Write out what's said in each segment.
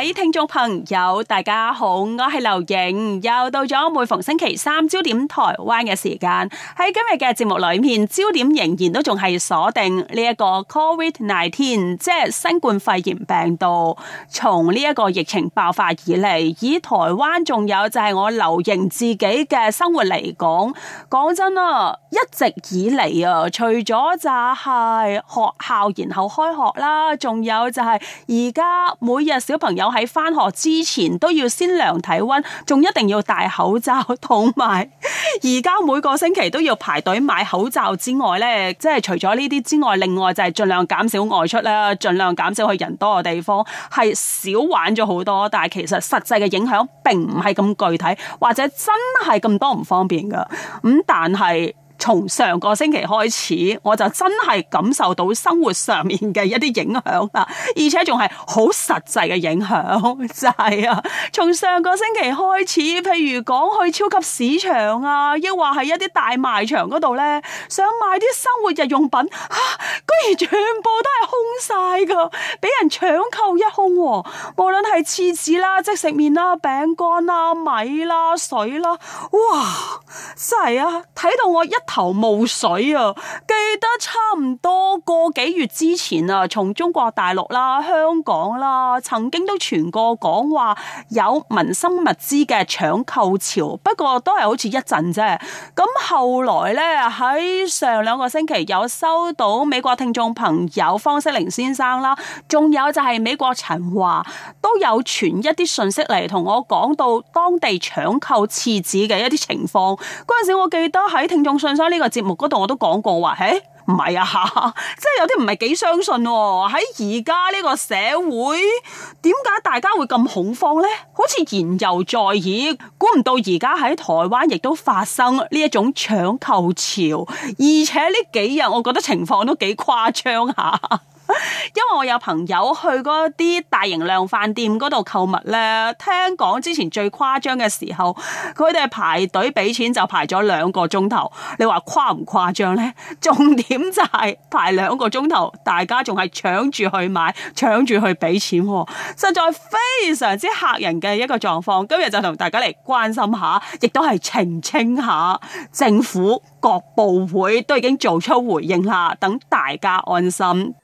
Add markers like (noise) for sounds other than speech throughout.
喺聽眾朋友，大家好，我係劉瑩，又到咗每逢星期三焦點台灣嘅時間。喺今日嘅節目裏面，焦點仍然都仲係鎖定呢一個 COVID nineteen，即係新冠肺炎病毒。從呢一個疫情爆發以嚟，以台灣仲有就係我劉瑩自己嘅生活嚟講，講真啊，一直以嚟啊，除咗就係學校然後開學啦，仲有就係而家每日小朋友。喺返學之前都要先量體溫，仲一定要戴口罩，同埋而家每個星期都要排隊買口罩之外呢，即係除咗呢啲之外，另外就係盡量減少外出啦，盡量減少去人多嘅地方，係少玩咗好多。但係其實實際嘅影響並唔係咁具體，或者真係咁多唔方便噶。咁但係。從上個星期開始，我就真係感受到生活上面嘅一啲影響啦，而且仲係好實際嘅影響，就係、是、啊！從上個星期開始，譬如講去超級市場啊，抑或係一啲大賣場嗰度呢，想買啲生活日用品，啊、居然全部都係空晒噶，俾人搶購一空喎、啊！無論係廁紙啦、即食麵啦、餅乾啦、米啦、水啦，哇！真係啊，睇到我一～頭霧水啊！記得差唔多個幾月之前啊，從中國大陸啦、香港啦，曾經都傳過講話有民生物資嘅搶購潮，不過都係好似一陣啫。咁後來呢，喺上兩個星期有收到美國聽眾朋友方適玲先生啦，仲有就係美國陳華都有傳一啲信息嚟同我講到當地搶購廁紙嘅一啲情況。嗰陣時我記得喺聽眾信。而呢個節目嗰度我都講過話，誒唔係啊，即係有啲唔係幾相信喎、啊。喺而家呢個社會，點解大家會咁恐慌呢？好似言猶在耳，估唔到而家喺台灣亦都發生呢一種搶購潮，而且呢幾日我覺得情況都幾誇張下。因為我有朋友去嗰啲大型量販店嗰度購物咧，聽講之前最誇張嘅時候，佢哋排隊俾錢就排咗兩個鐘頭，你話誇唔誇張呢？重點就係排兩個鐘頭，大家仲係搶住去買，搶住去俾錢喎，實在非常之嚇人嘅一個狀況。今日就同大家嚟關心下，亦都係澄清下，政府各部會都已經做出回應啦，等大家安心。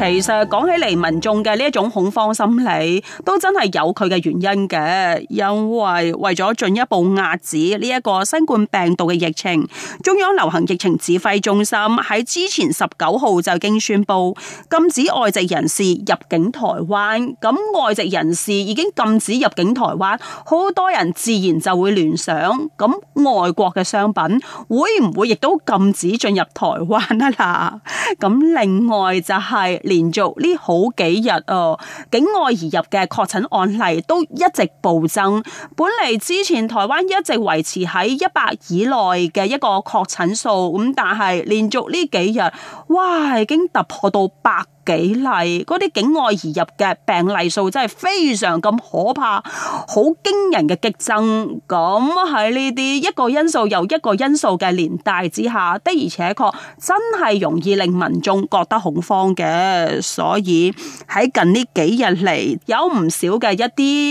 其實講起嚟，民眾嘅呢一種恐慌心理都真係有佢嘅原因嘅，因為為咗進一步壓止呢一個新冠病毒嘅疫情，中央流行疫情指揮中心喺之前十九號就已經宣布禁止外籍人士入境台灣。咁外籍人士已經禁止入境台灣，好多人自然就會聯想，咁外國嘅商品會唔會亦都禁止進入台灣啊？啦，咁另外就係、是。連續呢好幾日哦，境外移入嘅確診案例都一直暴增。本嚟之前台灣一直維持喺一百以內嘅一個確診數，咁但係連續呢幾日，哇，已經突破到百，幾例嗰啲境外移入嘅病例數真係非常咁可怕，好驚人嘅激增。咁喺呢啲一個因素又一個因素嘅連帶之下，的而且確真係容易令民眾覺得恐慌嘅。所以喺近呢幾日嚟，有唔少嘅一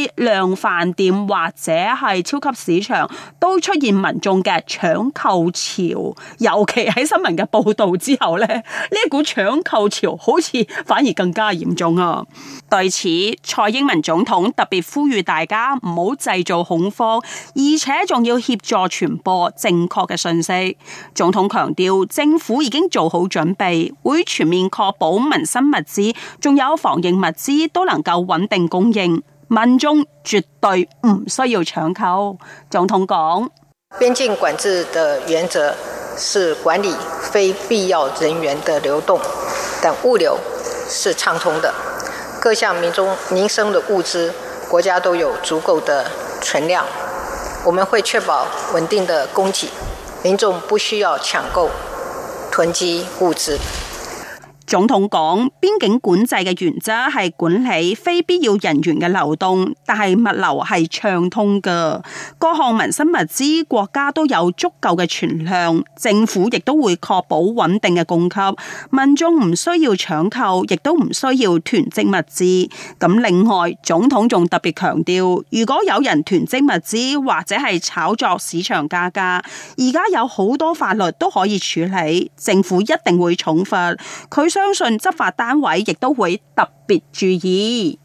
啲量販店或者係超級市場都出現民眾嘅搶購潮，尤其喺新聞嘅報道之後呢，呢股搶購潮好似。反而更加嚴重啊！對此，蔡英文總統特別呼籲大家唔好製造恐慌，而且仲要協助傳播正確嘅訊息。總統強調，政府已經做好準備，會全面確保民生物資，仲有防疫物資都能夠穩定供應。民眾絕對唔需要搶購。總統講：邊境管制的原則是管理非必要人員的流動等物流。是暢通的，各項民眾民生的物資，國家都有足夠的存量，我們會確保穩定的供給，民眾不需要搶購囤積物資。總統講，邊境管制嘅原則係管理非必要人員嘅流動，但係物流係暢通噶。各項民生物資，國家都有足夠嘅存量，政府亦都會確保穩定嘅供給，民眾唔需要搶購，亦都唔需要囤積物資。咁另外，總統仲特別強調，如果有人囤積物資或者係炒作市場價格，而家有好多法律都可以處理，政府一定會重罰。佢相信執法單位亦都會特別注意。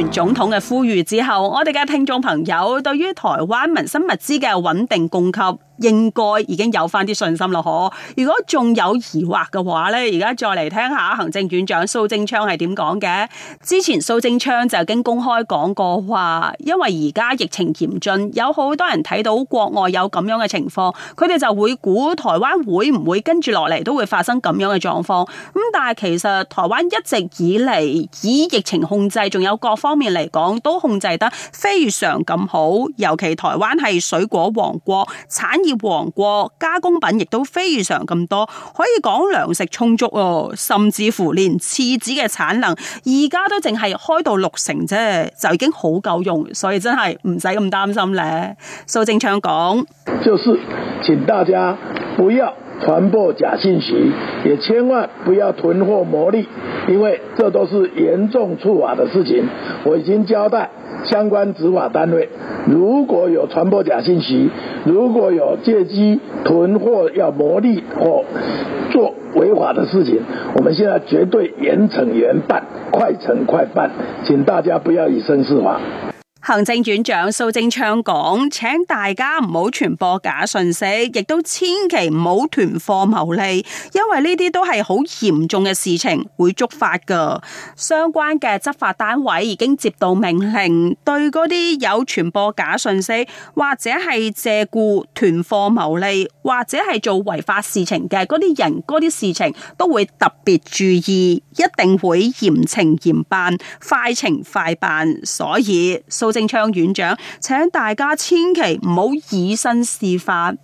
完總統嘅呼籲之後，我哋嘅聽眾朋友對於台灣民生物資嘅穩定供給應該已經有翻啲信心咯，嗬，如果仲有疑惑嘅話咧，而家再嚟聽下行政院長蘇貞昌係點講嘅。之前蘇貞昌就已經公開講過話，因為而家疫情嚴峻，有好多人睇到國外有咁樣嘅情況，佢哋就會估台灣會唔會跟住落嚟都會發生咁樣嘅狀況。咁但係其實台灣一直以嚟以疫情控制，仲有各方。方面嚟講都控制得非常咁好，尤其是台灣係水果王國、產業王國，加工品亦都非常咁多，可以講糧食充足哦，甚至乎連廁紙嘅產能而家都淨係開到六成啫，就已經好夠用，所以真係唔使咁擔心咧。蘇貞昌講，就是請大家不要傳播假信息，也千萬不要囤貨牟利。因為這都是嚴重觸法的事情，我已經交代相關執法單位，如果有傳播假信息，如果有借機囤貨要牟利或做違法的事情，我們現在絕對嚴懲嚴辦，快懲快辦，請大家不要以身試法。行政院長蘇貞昌講，請大家唔好傳播假信息，亦都千祈唔好囤貨牟利，因為呢啲都係好嚴重嘅事情，會觸法㗎。相關嘅執法單位已經接到命令，對嗰啲有傳播假信息，或者係借故囤貨牟利，或者係做違法事情嘅嗰啲人、嗰啲事情，都會特別注意，一定會嚴懲嚴辦、快懲快辦。所以蘇貞昌院長，請大家千祈唔好以身試法。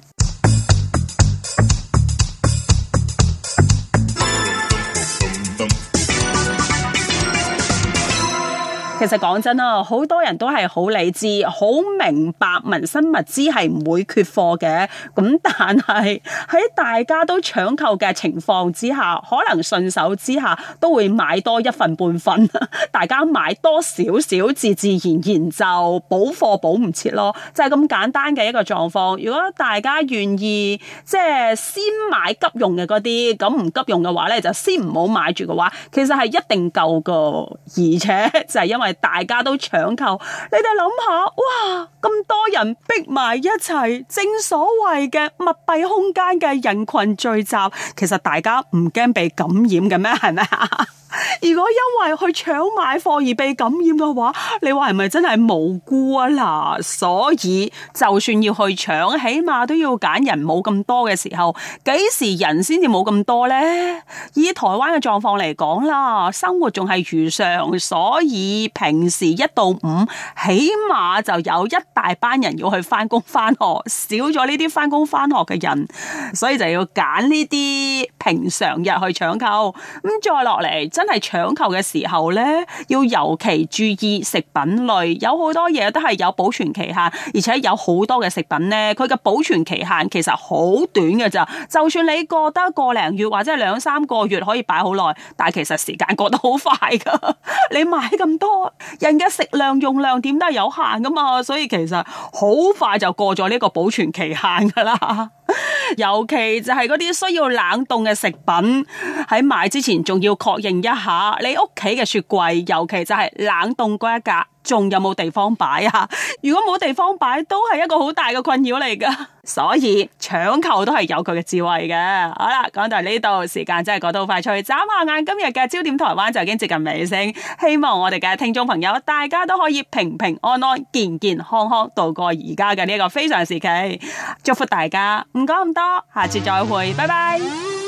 其實講真啊，好多人都係好理智，好明白民生物資係唔會缺貨嘅。咁但係喺大家都搶購嘅情況之下，可能順手之下都會買多一份半份。大家買多少少，自自然然就補貨補唔切咯，就係咁簡單嘅一個狀況。如果大家願意即係先買急用嘅嗰啲，咁唔急用嘅話呢，就先唔好買住嘅話，其實係一定夠㗎，而且就係因為。大家都搶購，你哋諗下，哇！咁多人逼埋一齊，正所謂嘅密閉空間嘅人群聚集，其實大家唔驚被感染嘅咩？係咪？如果因為去搶買貨而被感染嘅話，你話係咪真係無辜啊？嗱，所以就算要去搶，起碼都要揀人冇咁多嘅時候。幾時人先至冇咁多咧？以台灣嘅狀況嚟講啦，生活仲係如常，所以平時一到五起碼就有一大班人要去返工返學，少咗呢啲返工返學嘅人，所以就要揀呢啲平常日去搶購。咁再落嚟，真係。搶購嘅時候呢，要尤其注意食品類，有好多嘢都係有保存期限，而且有好多嘅食品呢，佢嘅保存期限其實好短㗎咋。就算你過得個零月或者係兩三個月可以擺好耐，但係其實時間過得好快㗎。你買咁多人嘅食量用量點都係有限㗎嘛，所以其實好快就過咗呢個保存期限㗎啦。尤其就係嗰啲需要冷凍嘅食品，喺買之前仲要確認一下你屋企嘅雪櫃，尤其就係冷凍嗰一格。仲有冇地方擺啊？如果冇地方擺，都係一個好大嘅困擾嚟噶。 (laughs) 所以搶購都係有佢嘅智慧嘅。好啦，講到呢度，時間真係過得好快脆。眨下眼，今日嘅焦點台灣就已經接近尾聲。希望我哋嘅聽眾朋友，大家都可以平平安安、健健康康度過而家嘅呢一個非常時期。祝福大家，唔講咁多，下次再會，拜拜。